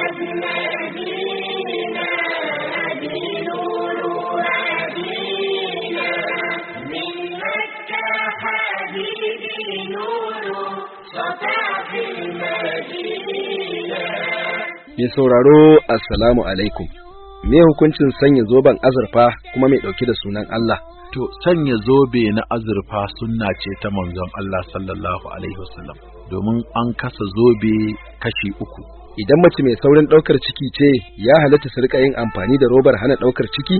Mai sauraro Assalamu alaikum. Me hukuncin sanya zoben azurfa kuma mai ɗauke da sunan Allah? To, sanya zobe na azurfa sunna ce ta manzon Allah sallallahu Alaihi wasallam, domin an kasa zobe kashi uku. idan mace mai saurin ɗaukar ciki ce ya halatta su rika yin amfani da robar hana ɗaukar ciki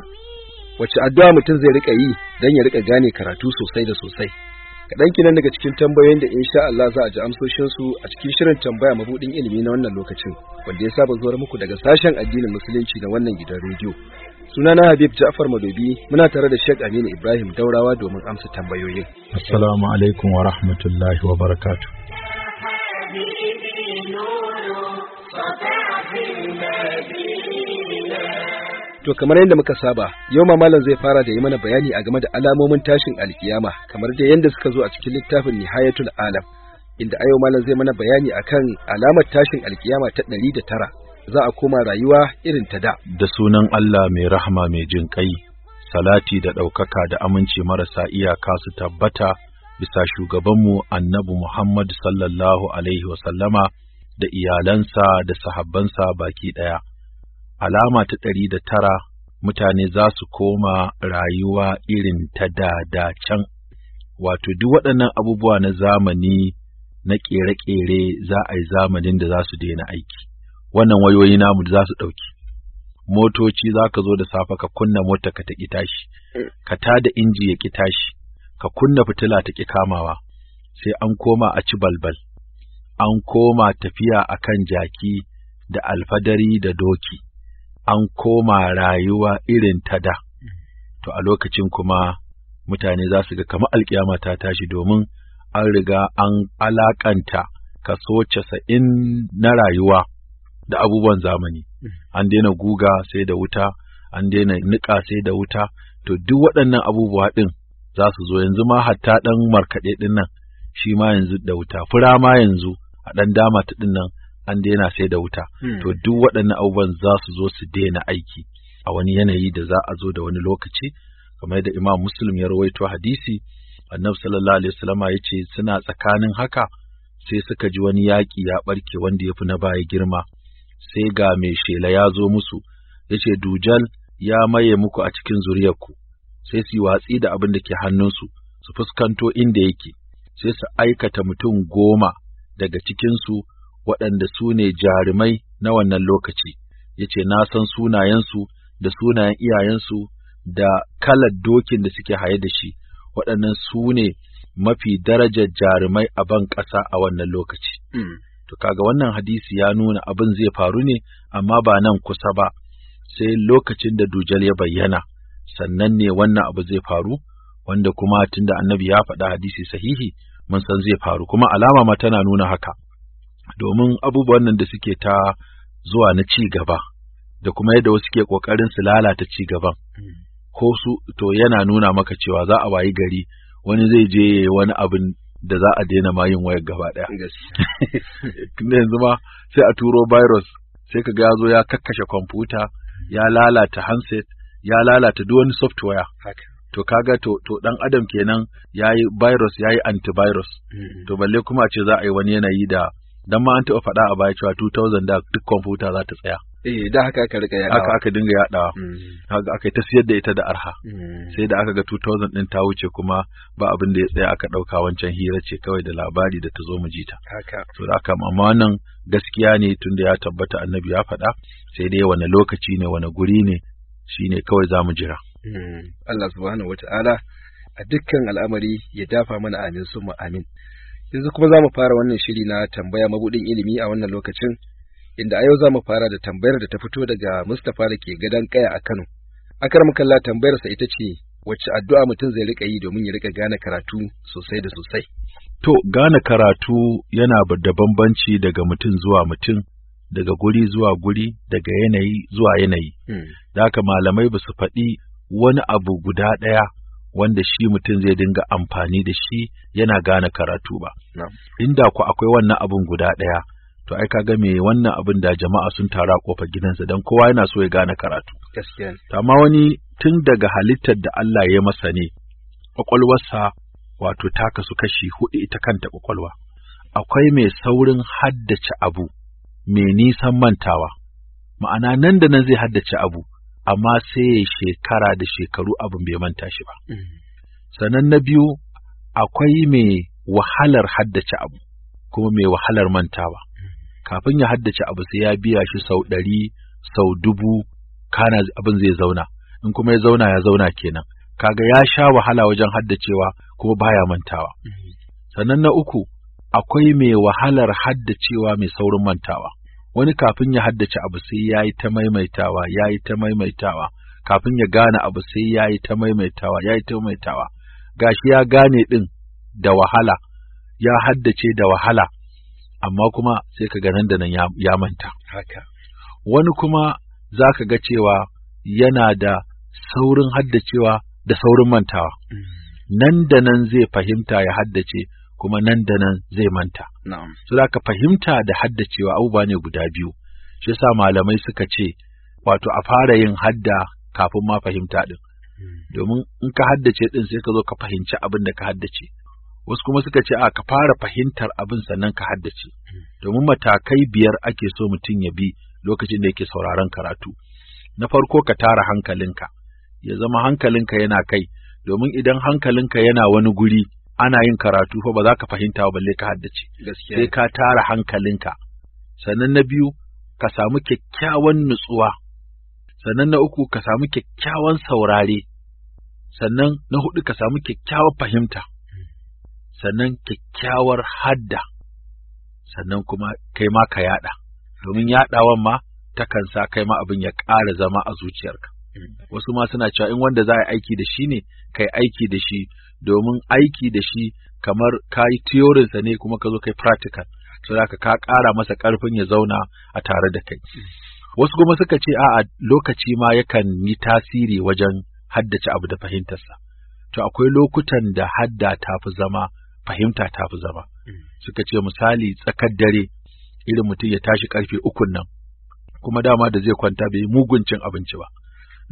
wace addu'a mutum zai rika yi don ya rika gane karatu sosai da sosai kaɗan kinan daga cikin tambayoyin da insha Allah za a ji amsoshinsu a cikin shirin tambaya mabuɗin ilimi na wannan lokacin wanda ya saba zuwar muku daga sashen addinin musulunci na wannan gidan rediyo sunana Habib Ja'far Madobi muna tare da Sheikh Aminu Ibrahim Daurawa domin amsa tambayoyin assalamu alaikum wa rahmatullahi wa barakatuh To kamar yadda muka saba, yau ma malam zai fara da yi mana bayani a game da alamomin tashin alkiyama kamar da yadda suka zo a cikin littafin Nihayatul Alam, inda a yau malam zai mana bayani a kan alamar tashin alkiyama ta ɗari da tara. Za a koma rayuwa irin ta da. Da sunan Allah mai rahama mai jin kai, salati da ɗaukaka da aminci marasa iyaka su tabbata bisa shugabanmu annabi Muhammad sallallahu alaihi wa da iyalansa da sahabbansa baki ɗaya. Alama ta ɗari da tara mutane za su koma rayuwa irin ta da da can, wato duk waɗannan abubuwa na zamani na ƙere-ƙere za a yi zamanin da za su daina aiki, wannan wayoyi namu za su ɗauki. Motoci za ka zo da safe ka kunna mota ka taƙi tashi, ka tada inji ya ƙi tashi, ka kunna fitila ta ƙi kamawa, sai an koma a ci balbal. an koma tafiya a kan jaki da alfadari da doki, an koma rayuwa irin ta da, to a lokacin kuma mutane za su ga kama alkiyama ta tashi domin an riga an alakanta kaso casa'in na rayuwa da abubuwan zamani, an daina guga sai da wuta, an daina nika sai da wuta, to duk waɗannan abubuwa ɗin za su zo yanzu ma hatta ɗan markaɗe ɗin nan shi ma yanzu da wuta, fura ma yanzu a ɗan dama ta ɗin nan an daina sai da wuta hmm. to duk waɗannan abubuwan za su zo su daina aiki a wani yanayi da za a zo da wani lokaci kamar da Imam Muslim ya rawaito hadisi Annabi sallallahu alaihi wasallama ce suna tsakanin haka sai suka ji wani yaƙi ya ɓarke wanda ya fi na baya girma sai ga mai shela ya zo musu yace Dujal ya maye muku a cikin zuriyarku sai su yi watsi da abin da ke hannunsu su fuskanto inda yake sai su aikata mutum goma daga cikinsu waɗanda su ne jarumai na wannan lokaci, ya ce, Na san sunayensu da sunayen iyayensu da kalar dokin da suke haye da shi, waɗannan su ne mafi darajar jarumai a ban ƙasa a wannan lokaci. Mm. To, kaga wannan hadisi ya nuna abin zai faru ne, amma ba nan kusa ba, sai lokacin da Dujal ya bayyana, sannan ne wannan abu zai faru, wanda kuma tunda annabi ya faɗa hadisi sahihi, mun san zai faru kuma alama ma tana nuna haka domin abubuwan nan da suke ta zuwa na ci gaba da kuma yadda wasu ke kokarin su lalata ci gaban ko su to yana nuna maka cewa za a wayi gari wani zai je wani abin da za a daina ma yin wayar gaba daya yanzu ma sai a turo virus sai ka ga ya zo ya kakkashe kwamfuta ya lalata handset ya lalata duk wani software to kaga to to dan adam kenan yayi virus yayi antivirus mm. to balle kuma ce za a yi wani yanayi da dan ma an taɓa faɗa a baya cewa 2000 da duk kwamfuta za ta tsaya eh da haka aka rika yadawa haka aka dinga yadawa mm-hmm. haka aka ta siyar da ita da arha mm-hmm. sai da aka ga 2000 din ta wuce kuma ba abin da ya tsaya aka ɗauka wancan hira ce kawai da labari da ta zo mu jita haka to da haka amma wannan gaskiya ne tunda ya tabbata annabi ya faɗa sai dai wani lokaci ne wani guri ne shine kawai za mu jira Mm. Allah subhanahu wata'ala a dukkan al'amari ya dafa mana amin su mu amin yanzu kuma zamu fara wannan shiri na tambaya mabudin ilimi a wannan lokacin inda a yau zamu fara da tambayar da ta fito daga Mustapha da ke gadon kaya a Kano akar kalla tambayarsa ita ce wacce addu'a mutum zai rika yi domin ya rika gane karatu sosai da sosai to gane karatu yana da bambanci daga mutum zuwa mutum daga guri zuwa guri daga yanayi zuwa yanayi. Hmm. Da haka malamai ba su faɗi wani abu guda ɗaya wanda shi mutum zai dinga amfani da shi yana gane karatu ba. Inda ku akwai wannan abun guda ɗaya, to ai kaga me wannan abin da jama'a sun tara kofar gidansa don kowa yana so ya gane karatu. tama wani tun daga halittar da Allah ya masa ne, ƙwaƙwalwarsa wato ta kasu kashi huɗu ita kanta ƙwaƙwalwa. Akwai mai saurin haddace abu, mai nisan mantawa, ma'ana nan da nan zai haddace abu, amma sai ya shekara da shekaru abin bai manta shi ba. Mm. Sannan na biyu akwai mai wahalar haddace abu kuma mai wahalar mantawa. Mm. Kafin ya haddace abu sai ya biya shi sau ɗari, sau dubu, kana abin zai zauna. In kuma ya zauna ya zauna kenan. Kaga ya sha wahala wajen haddacewa kuma baya mantawa. Mm. Sannan na uku akwai mai wahalar haddacewa mai saurin mantawa. wani kafin ya haddace abu sai ya yi ta maimaitawa ya ta maimaitawa kafin ya gane abu sai ya yi ta maimaitawa ya yi ta maimaitawa gashi ya gane ɗin da wahala ya haddace da wahala amma kuma sai ka ga nan da nan ya manta wani kuma za ka ga cewa yana da saurin haddacewa da saurin mantawa mm. nan da nan zai fahimta ya haddace kuma nan da nan zai manta. Na'am. ka fahimta da haddacewa abubuwa ne guda biyu. Shi sa malamai suka ce wato a fara yin hadda kafin ma fahimta ɗin hmm. Domin in ka haddace ɗin sai ka zo ka fahimci abin da ka haddace. Wasu kuma suka ce a ka fara fahimtar abin sannan ka haddace. Hmm. Domin matakai biyar ake so mutum ya bi lokacin da yake sauraron karatu. Na farko ka tara hankalinka, ya zama hankalinka yana kai, domin idan hankalinka yana wani guri, ana yin karatu fa ba za ka fahimta ba balle ka haddace sai ka tara hankalinka sannan na biyu ka samu kyakkyawan nutsuwa sannan na uku ka samu kyakkyawan saurare sannan na hudu ka samu kyakkyawar fahimta sannan kyakkyawar hadda sannan kuma kai ma ka yada domin yadawan ma takan sa kai ma abin ya ƙara zama a zuciyarka mm. wasu ma suna cewa in wanda za a aiki da shi ne kai aiki da shi domin aiki da shi kamar ka yi tiyorinsa ne kuma ka zo kai practical so da ka ƙara masa ƙarfin ya zauna a tare da kai wasu kuma suka ce a'a lokaci ma yakan yi tasiri wajen haddace abu da fahimtarsa to akwai lokutan da hadda ta fi zama fahimta ta fi zama suka ce misali tsakar dare irin mutum ya tashi karfe ukun nan kuma dama da zai kwanta bai mugun cin abinci ba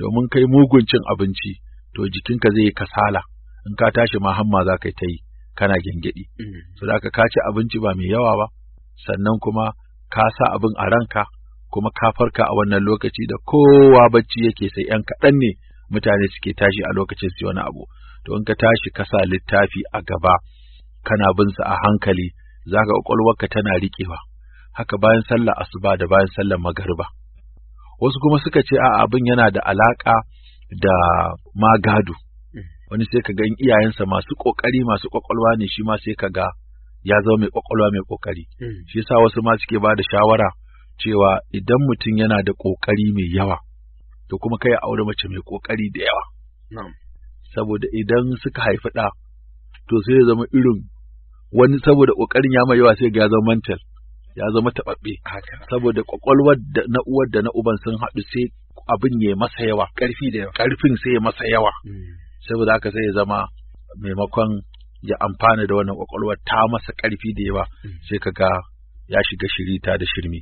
domin kai mugun cin abinci to jikinka zai yi kasala in ka tashi ma hamma za ka yi ta yi kana gingidi. So da ka ci abinci ba mai yawa ba, sannan kuma ka sa abin a ranka, kuma ka farka a wannan lokaci da kowa bacci yake sai ‘yan kaɗan ne mutane suke tashi a lokacin su wani abu. To in ka tashi ka sa littafi a gaba, kana bin sa a hankali, za ka ƙwaƙwalwarka tana riƙewa. Haka bayan sallah asuba da bayan sallar magariba. Wasu kuma suka ce a abin yana da alaƙa da magadu. wani sai ka ga iyayensa masu kokari masu kwakwalwa ne shi ma sai ka ga ya zama mai kwakwalwa mai kokari hmm. shi yasa wasu ma suke ba da shawara cewa idan mutum yana da kokari mai yawa to kuma kai aure mace mai kokari da yawa saboda idan suka haifi da to sai ya zama irin wani saboda ƙoƙarin ya mai yawa sai ga ya zama mantal ya zama taɓaɓɓe saboda kwakwalwar da na uwar da na uban sun haɗu sai abin ya masa yawa ƙarfi da yawa sai ya masa yawa hmm. saboda haka sai ya zama maimakon ya amfana da wannan kwakwalwa ta masa ƙarfi da yawa mm. sai ka ga ya shiga shiri ta da shirmi.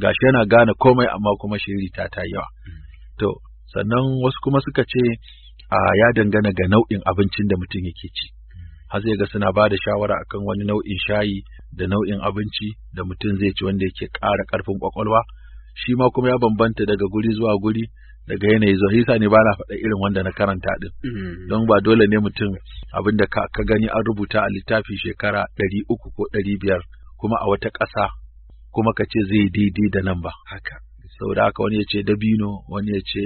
Ga shi yana gane komai amma kuma shirita ta yawa mm. to sannan wasu kuma suka ce a ya dangana ga nau'in abincin da mutum yake ci mm. har zai ga suna ba da shawara akan wani nau'in shayi da nau'in abinci da mutum zai ci wanda yake ƙara ƙarfin kwakwalwa shi ma kuma ya bambanta daga guri zuwa guri daga yanayi zuwa hisa ne ba na faɗa irin wanda na karanta din mm. don ba dole ne mutum abinda da ka, gani an rubuta a littafi shekara ɗari uku ko ɗari biyar kuma a wata ƙasa kuma ka ce zai daidai da nan ba haka saboda haka wani ya ce dabino wani ya ce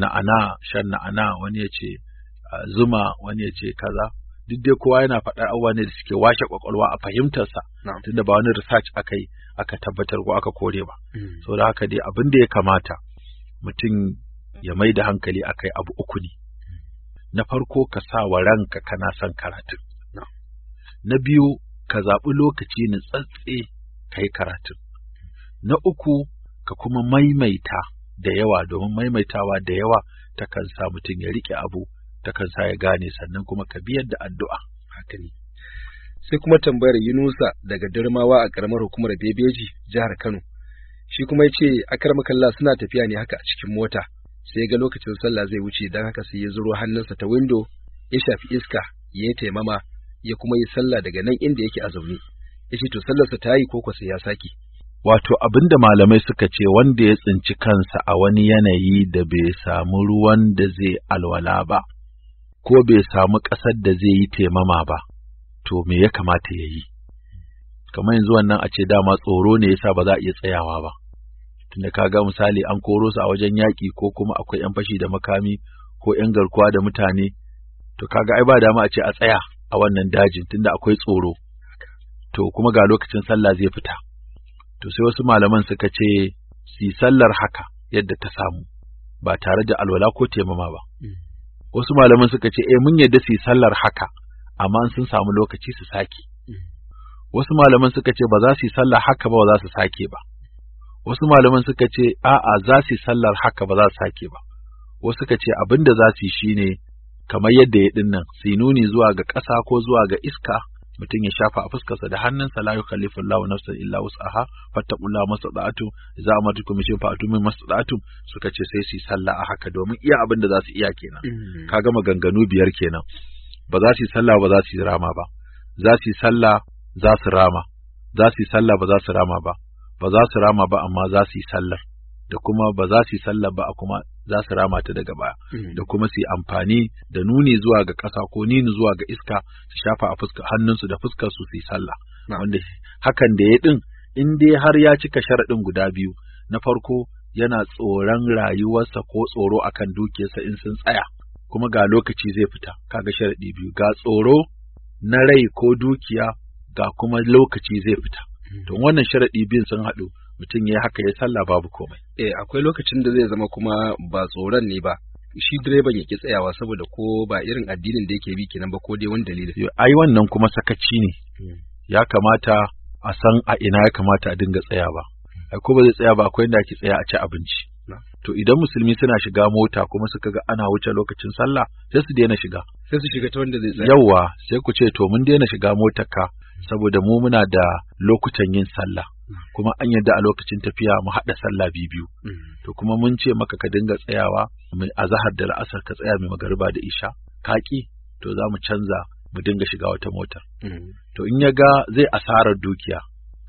na'ana shan na'ana wani ya ce zuma wani ya ce kaza duk dai kowa yana faɗar abubuwa ne da suke washe kwakwalwa a fahimtarsa tunda ba wani research aka yi aka tabbatar ko aka kore ba mm. saboda haka dai abin da ya kamata mutum ya mai da hankali akai abu uku ne. Na farko ka sa wa ranka kana son karatun. Na biyu ka zaɓi lokaci na tsatse ka yi karatun. Na uku ka kuma maimaita da yawa domin maimaitawa da yawa takan sa mutum ya riƙe abu takan sa ya gane sannan kuma ka biyar da addu'a. Sai kuma tambayar Yunusa daga Durmawa a ƙaramar hukumar Bebeji, jihar Kano. shi kuma ya ce akarmakalla suna tafiya ne haka a cikin mota sai ga lokacin sallah zai wuce don haka sai ya zuro hannunsa ta windo ya shafi iska ya yi taimama ya kuma yi sallah daga nan inda yake a zaune ya ce to sallarsa ta yi ko kwasa, ya sake wato abinda malamai suka ce wanda ya tsinci kansa a wani yanayi da bai samu ruwan da zai alwala ba ko bai samu ƙasar da zai yi taimama ba to me ya kamata ya yi kamar yanzu wannan a ce dama tsoro ne yasa ba za a iya tsayawa ba tunda kaga misali an koro su a wajen yaki ko kuma akwai yan fashi da makami ko yan garkuwa da mutane to kaga ai ba dama a ce a tsaya a wannan dajin tunda akwai tsoro to kuma ga lokacin sallah zai fita to sai wasu malaman suka ce si sallar haka yadda ta samu ba tare da alwala ko taimama ba wasu malaman suka ce eh mun yadda si sallar haka amma sun samu lokaci su saki mm. wasu malaman suka ce ba za su yi sallah haka ba ba za su sake ba wasu malaman suka ce a'a za su yi sallar haka ba za su sake ba wasu suka ce abin da za su yi shine kamar yadda ya dinnan su nuni zuwa ga ƙasa ko zuwa ga iska mutum ya shafa a fuskarsa da hannunsa la yukallifu Allahu nafsan illa wus'aha fattaqullaha mastata'tum idza amartukum bi fa'tum min mastata'tum suka ce sai su yi sallah a haka domin iya abin da za su iya kenan mm-hmm. kaga maganganu biyar kenan ba za su yi sallah ba za su yi rama ba za su yi sallah za su rama za su yi sallah ba za su rama ba ba za su rama ba amma za su yi sallar da kuma ba za su yi sallar ba kuma za su rama ta daga baya hmm. da kuma su yi amfani da nuni zuwa ga ƙasa ko nini zuwa ga iska su shafa a fuska hannunsu da fuskar su su yi sallah wanda hakan da ya din in dai har ya cika sharaɗin guda biyu na farko yana tsoron rayuwarsa ko tsoro akan dukiyarsa in sun tsaya kuma ga lokaci zai fita kaga sharaɗi biyu ga tsoro na rai ko dukiya ga kuma lokaci zai fita hmm. To wannan sharaɗi biyun sun haɗu mutum ya haka ya sallah babu komai eh akwai lokacin da zai zama kuma ba tsoron ne ba shi direban ya ki tsayawa saboda ko ba irin addinin da yake bi kenan ba ko dai wani dalili ai wannan kuma sakaci ne hmm. ya kamata a san a ina ya kamata a dinga tsaya ai ko ba zai tsaya ba akwai inda ake tsaya a ci abinci to idan musulmi suna shiga mota kuma suka ga ana wuce lokacin sallah sai su daina shiga sai su shiga ta wanda zai tsaya Yawwa sai ku ce to mun daina shiga motar ka saboda mu muna da lokutan yin sallah mm. kuma an yadda a lokacin tafiya mu haɗa sallah biyu mm. to kuma mun ce maka ka dinga tsayawa a zahar da la'asar ka tsaya mai magariba da isha kaki to za mu canza mu dinga shiga wata motar mm. to in ya ga zai asarar dukiya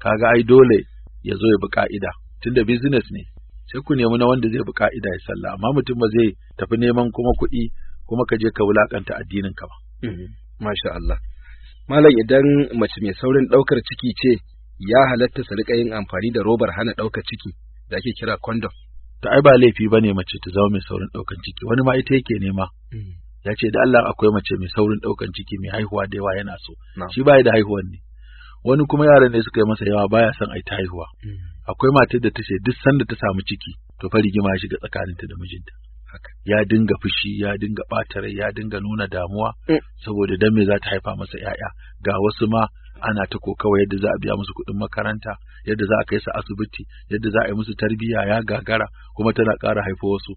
kaga ai dole ya zo ya bi ka'ida tunda business ne sai ku nemi na wanda zai bi ka'ida ya sallah amma mutum ba zai tafi neman kuma kuɗi kuma ka je ka wulakanta addinin ka ba masha Allah malam idan mace mai saurin ɗaukar ciki ce ya halatta su riƙa yin amfani da robar hana ɗaukar ciki da ake kira condom ta ai ba laifi ba ne mace ta zama mai saurin ɗaukar ciki wani ma ita yake nema mm. ya ce da Allah akwai mace mai saurin ɗaukan ciki mai haihuwa da yawa yana so shi baya da haihuwan ne wani kuma yaran ne suka yi masa yawa baya son ai ta haihuwa mm. akwai matar da ta ce duk sanda ta samu ciki to fa rigima ya shiga tsakaninta da mijinta ya dinga fushi ya dinga ɓata rai ya dinga nuna damuwa mm. saboda dan me za ta haifa masa 'ya'ya. ga wasu ma ana ta ko kawai yadda za a biya musu kuɗin makaranta yadda za a kai su asibiti yadda za a yi musu tarbiyya ya gagara kuma tana ƙara haifo wasu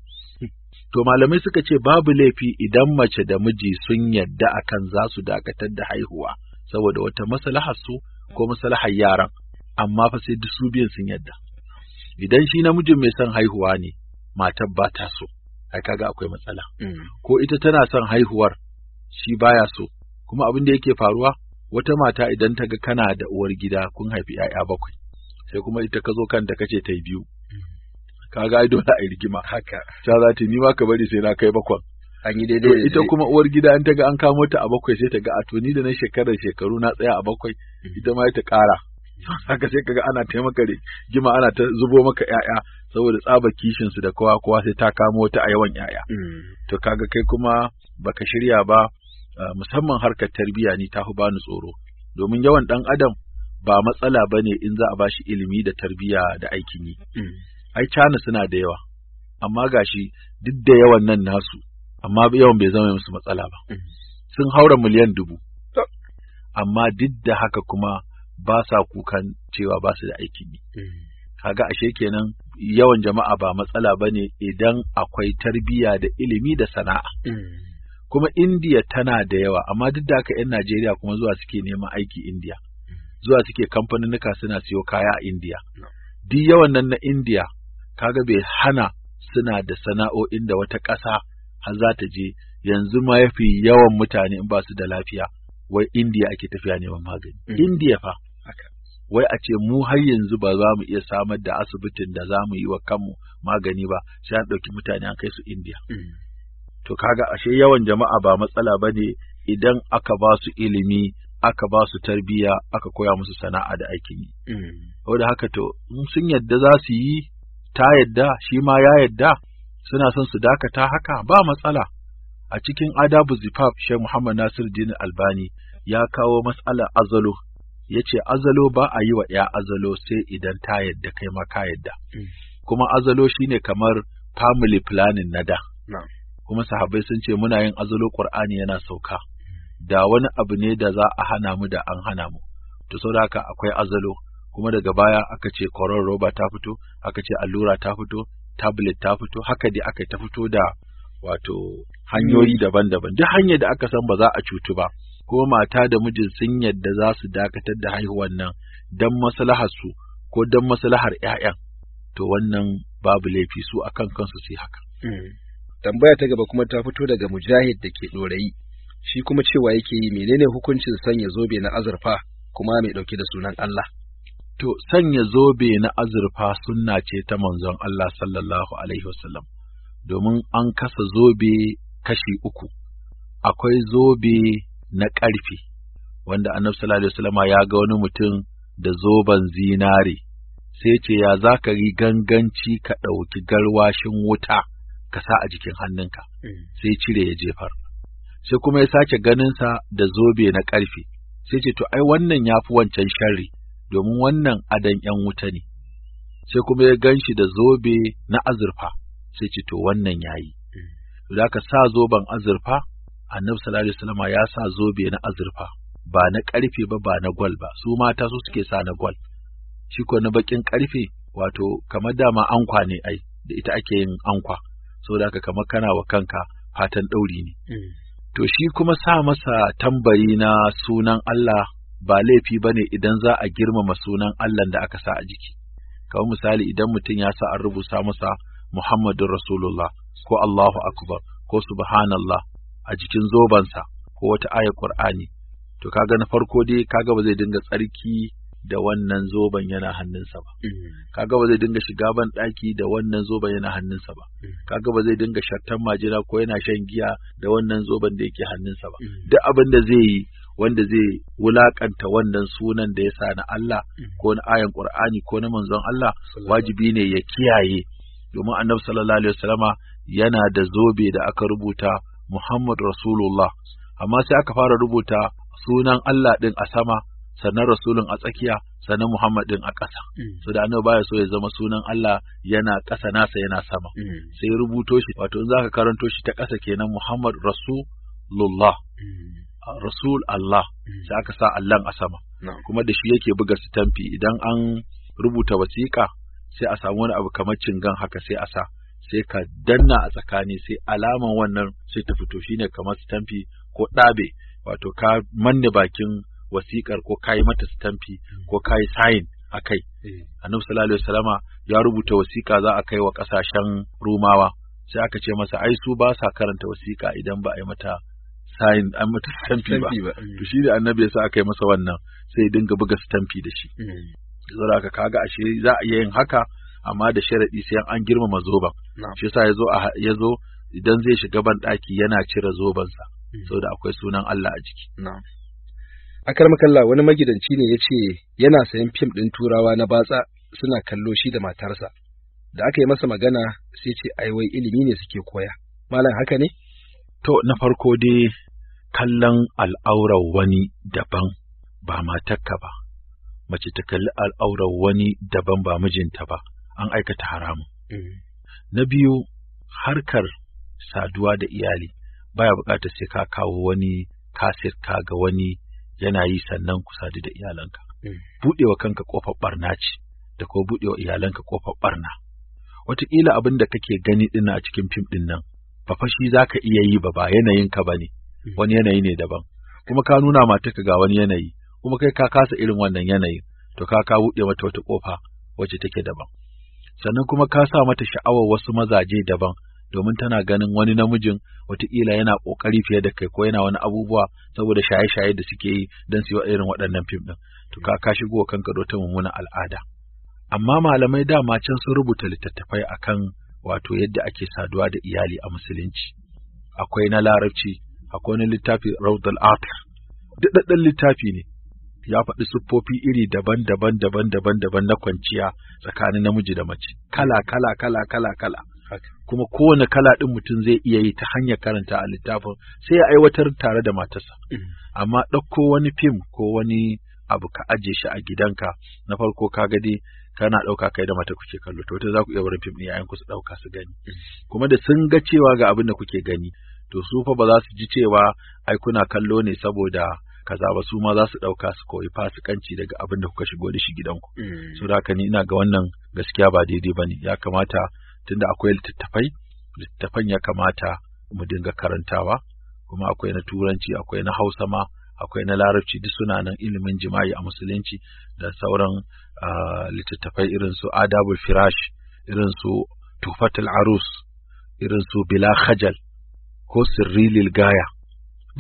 to malamai suka ce babu laifi idan mace da miji sun yadda akan za su dakatar da haihuwa saboda wata maslahar su ko maslahar yaran amma fa sai duk su biyan sun yadda idan shi namijin mai son haihuwa ne matar ba ta so ai kaga akwai matsala mm. ko ita tana son haihuwar shi baya so kuma abin da yake faruwa wata mata idan ta ga kana da uwar gida kun haifi ‘ya'ya bakwai, sai kuma ita ka zo kanta kace ta yi biyu, mm. ka ga dole a rigima. Haka. Ta za ta ni ma ka bari sai na kai bakwan. An yi daidai. Ita kuma uwar gida an ta ga an kamo ta a bakwai sai ta ga a to ni da na shekarar shekaru na tsaya a bakwai, mm. ita ma ta ƙara. haka sai kaga ana taimaka gima ana ta zubo maka 'ya'ya saboda tsaba kishin su da kowa kowa sai ta kamo ta a yawan 'ya'ya. Mm. to kaga kai kuma baka shirya ba musamman harkar tarbiyya ni ta bani tsoro domin yawan dan adam ba matsala bane in za a bashi ilimi da tarbiyya da aikin yi mm. ai cana suna da yawa amma gashi duk da yawan nan nasu amma yawan bai zama musu matsala ba mm. sun haura miliyan dubu amma duk da haka kuma ba sa kukan cewa ba su da aiki. yi. Mm. Kaga ashe kenan yawan jama'a ba matsala ba ne idan akwai tarbiyya da ilimi da sana'a. Mm. Kuma Indiya tana da yawa, amma duk da haka 'yan Najeriya kuma zuwa suke neman aiki Indiya, mm. zuwa suke kamfaninnika suna siyo kaya a Indiya. Duk yawan nan na Indiya, kaga bai hana suna da sana'o'in da wata ƙasa har za ta je yanzu ma yafi yawan mutane in ba su da lafiya wai indiya ake tafiya neman magani India indiya fa wai a ce mu har yanzu ba za mu iya samar da asibitin da za mu yi wa kanmu magani ba sai an ɗauki mutane an kai su indiya mm. to kaga ashe yawan jama'a ba matsala ba ne idan aka ba su ilimi aka ba su tarbiyya aka koya musu sana'a da aikin yi mm. saboda da haka to in sun yadda za su yi ta yadda shi ma ya yadda suna son su dakata haka ba matsala a cikin adabu zifaf Sheikh Muhammad Nasir Din Albani ya kawo matsalar azalu ya ce azalo ba a yi wa ‘ya azalo sai idan ta yadda kai ma ka yadda. Mm. Kuma azalo ne kamar family planning na da. Kuma sahabai sun ce muna yin azalo Qur'ani yana sauka. Mm. Da wani abu ne da za a hana mu da an hana mu. To sau haka akwai azalo. kuma daga baya aka ce koron roba ta fito aka ce allura ta fito tablet ta fito haka dai aka ta fito da wato hanyoyi daban-daban duk hanyar da aka san ba za a cutu ba ko mata da mijin sun yadda za su dakatar da haihuwan nan don su ko don maslahar ‘ya'yan, to wannan babu laifi su kan kansu sai haka. Hmm. Tambaya ta gaba kuma ta fito daga mujahid da ke ɗorayi, shi kuma cewa yake yi menene hukuncin sanya zobe na azurfa kuma mai ɗauke da sunan Allah. To, sanya zobe na azurfa sunna ce ta manzon Allah sallallahu Alaihi wasallam, domin an kasa zobe kashi uku, akwai zobe na ƙarfe wanda annabi sallallahu alaihi wasallama ya ga wani mutum da zoban zinari. sai ce ya za ka yi ganganci ka ɗauki garwashin wuta ka sa a jikin hannunka mm. sai cire ya jefar sai kuma ya sake ganinsa da zobe na ƙarfe sai ce to ai wannan ya fi wancan sharri domin wannan adan ‘yan wuta ne sai kuma ya ganshi da zobe na azurfa sai ce to wannan ya yi mm. da ka sa zoben azurfa annabi sallallahu alaihi wasallama ya sa zobe na azurfa ba na karfe ba ba na gwal ba su mata su suke sa na gwal shi ko na bakin karfe wato kamar dama ankwa ne ai da ita ake yin ankwa saboda haka kamar kana wa kanka fatan ɗauri ne hmm. to shi kuma sa masa tambayi na sunan Allah ba laifi bane idan za a girmama sunan Allah da aka sa a jiki kamar misali idan mutum ya sa an rubuta masa Muhammadun Rasulullah ko Allahu Akbar ko Subhanallah a jikin zobansa ko wata ayar Qur'ani to kaga na farko dai kaga ba zai dinga tsarki da wannan zoban yana hannunsa ba mm. kaga ba zai dinga shiga ban daki da wannan zoban yana hannunsa ba mm. kaga ba zai dinga shartan majina ko yana shan giya da wannan zoban da yake hannunsa ba mm. duk abin da zai yi wanda zai wulakanta wannan sunan da ya sa na Allah ko na ayan Qur'ani ko na manzon Allah wajibi ne ya kiyaye domin Annabi sallallahu alaihi wasallama yana da zobe da aka rubuta Muhammad Rasulullah amma sai aka fara rubuta sunan Allah ɗin a sama sannan rasulun a tsakiya sannan Muhammad ɗin a ƙasa. Mm. So da annabi baya so ya zama sunan Allah yana ƙasa nasa yana sama. Mm. Sai rubuto shi wato in zaka karanto shi ta ƙasa kenan Muhammad Rasulullah. Rasulallah. Mm. Rasul Allah sai aka sa Allah a sama. Kuma da shi yake buga sitamfi idan an rubuta wasiƙa sai a samu wani abu kamar cingan haka sai a sa. sai ka danna a tsakani sai alaman wannan sai ta fito shine kamar stamfi ko ɗabe wato ka manne bakin wasikar ko ka yi mata stamfi ko ka yi sayin a kai. Eh. Annabi sallallahu alaihi wasallama ya rubuta wasiƙa za a kai wa ƙasashen Rumawa sai aka ce masa ai su ba sa karanta wasiƙa idan ba a yi mata sign. an mata stamfi ba. Mm. To shi da annabi ya sa aka yi masa wannan sai dinga buga stamfi da shi. Mm. Saboda ka kaga ashe za a iya yin haka amma da sharadi sai an girmama zoban shi yasa yazo yazo idan zai shiga ban daki yana cire zobansa hmm. saboda akwai sunan Allah a jiki akar makalla wani magidanci ne ya yana sayan fim ɗin turawa na batsa suna kallo shi da matarsa da aka yi masa magana sai ce ai wai ilimi ne suke koya malam haka ne to na farko dai kallon al'aurar wani daban ba matarka ba mace ta kalli al'aurar wani daban ba mijinta ba an aikata haramun. Mm. Na biyu harkar saduwa da iyali baya buƙatar sai ka kawo wani kasir ka ga wani yana yi sannan ku sadu da iyalanka. Mm. Buɗewa kanka ƙofar barna ce da kuma buɗewa iyalanka ƙofar barna. Wataƙila abin da kake gani ɗin a cikin fim ɗin nan ba fashi za ka iya yi ba ba yanayinka ba ne mm. wani yanayi ne daban kuma ka nuna mata ka ga wani yanayi kuma kai ka kasa irin wannan yanayin to ka ka buɗe mata wata ƙofa wacce take daban. sannan kuma ka sa mata sha'awar wasu mazaje daban domin tana ganin wani namijin wataƙila yana ƙoƙari fiye da kai ko yana wani abubuwa saboda shaye-shaye da suke yi don su yi irin waɗannan fim ɗin to ka ka shigo kanka da wata mummunan al'ada amma malamai dama can sun rubuta littattafai akan wato yadda ake saduwa da iyali a musulunci akwai na larabci akwai na littafi Rawdul Athar daɗaɗɗen littafi ne ya faɗi siffofi iri daban-daban daban-daban daban na kwanciya tsakanin namiji da mace kala kala kala kala kala kuma kowane kala ɗin mutum zai iya yi ta hanyar karanta a littafin sai ya aiwatar tare da matarsa mm. amma ɗauko wani fim ko wani abu ka aje shi a gidanka na farko ka gadi kana ɗauka kai da mata kuke kallo to wata za ku iya barin fim ɗin yayin ku su ɗauka su gani mm. kuma da sun ga cewa ga abin da kuke gani to su fa ba za su ji cewa ai kuna kallo ne saboda kaza ba su ma za su ɗauka su koyi fasikanci daga abin da kuka shigo da shi gidanku. Mm. So da haka ni ina ga wannan gaskiya ba daidai ba ne ya kamata tunda akwai littattafai littattafan ya kamata mu dinga karantawa kuma akwai na turanci akwai na hausa ma akwai na larabci duk suna nan ilimin jima'i a musulunci da sauran uh, littattafai irin su adabul firash irin su tufatul arus irin su bila khajal ko sirrilil gaya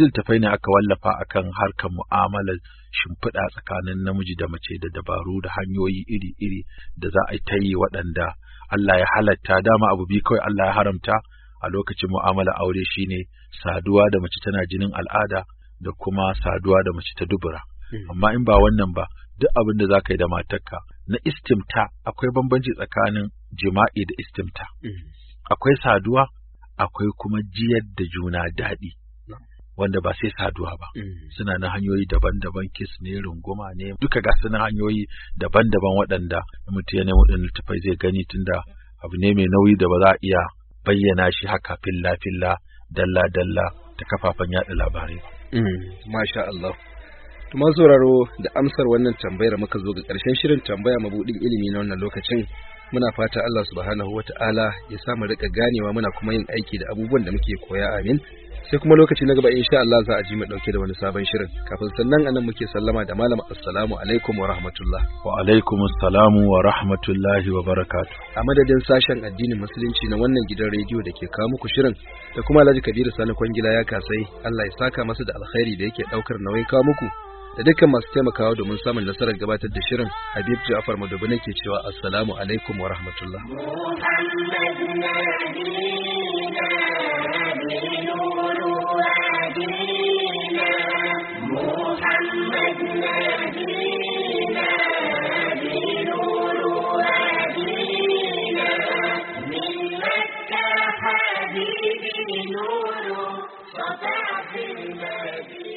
littafai ne aka wallafa akan harkar mu'amalar shimfiɗa tsakanin namiji da mace da dabaru da hanyoyi iri-iri da za a ta yi waɗanda Allah ya halatta dama abu bi kawai Allah ya haramta a lokacin mu'amala aure shine saduwa da mace tana jinin al'ada da kuma saduwa da mace ta dubura hmm. amma in ba wannan ba duk abin da zaka yi da matarka na istimta akwai bambanci tsakanin jima'i da istimta hmm. akwai saduwa akwai kuma jiyar da juna daɗi wanda ba sai saduwa ba mm. suna na hanyoyi daban-daban kis ne runguma ne duka ga suna hanyoyi daban-daban waɗanda mutum ya nemo ɗin littafai zai gani tunda abu ne mai nauyi da ba za a iya bayyana shi haka filla-filla dalla-dalla ta kafafen yaɗa labarai. Mm, masha Allah. Tuma sauraro da amsar wannan tambayar muka zo ga karshen shirin tambaya mabuɗin ilimi na wannan lokacin muna fata Allah subhanahu wa ta'ala ya mu riƙa ganewa muna kuma yin aiki da abubuwan da muke koya amin. sai kuma lokaci na gaba insha Allah za a ji mu dauke da wani sabon shirin kafin sannan anan muke sallama da malama assalamu alaikum wa rahmatullah wa alaikum assalamu wa rahmatullahi wa barakatuh a madadin sashen addinin musulunci na wannan gidan rediyo da ke kawo muku shirin da kuma Alhaji Kabiru Sani Kwangila ya kasai Allah ya saka masa da alkhairi da yake daukar nauyin kawo muku da dukkan masu taimakawa domin samun nasarar gabatar da shirin habib ja'far madubuna ke cewa assalamu alaikum wa rahmatullah حبيبي نور شفاعة النبي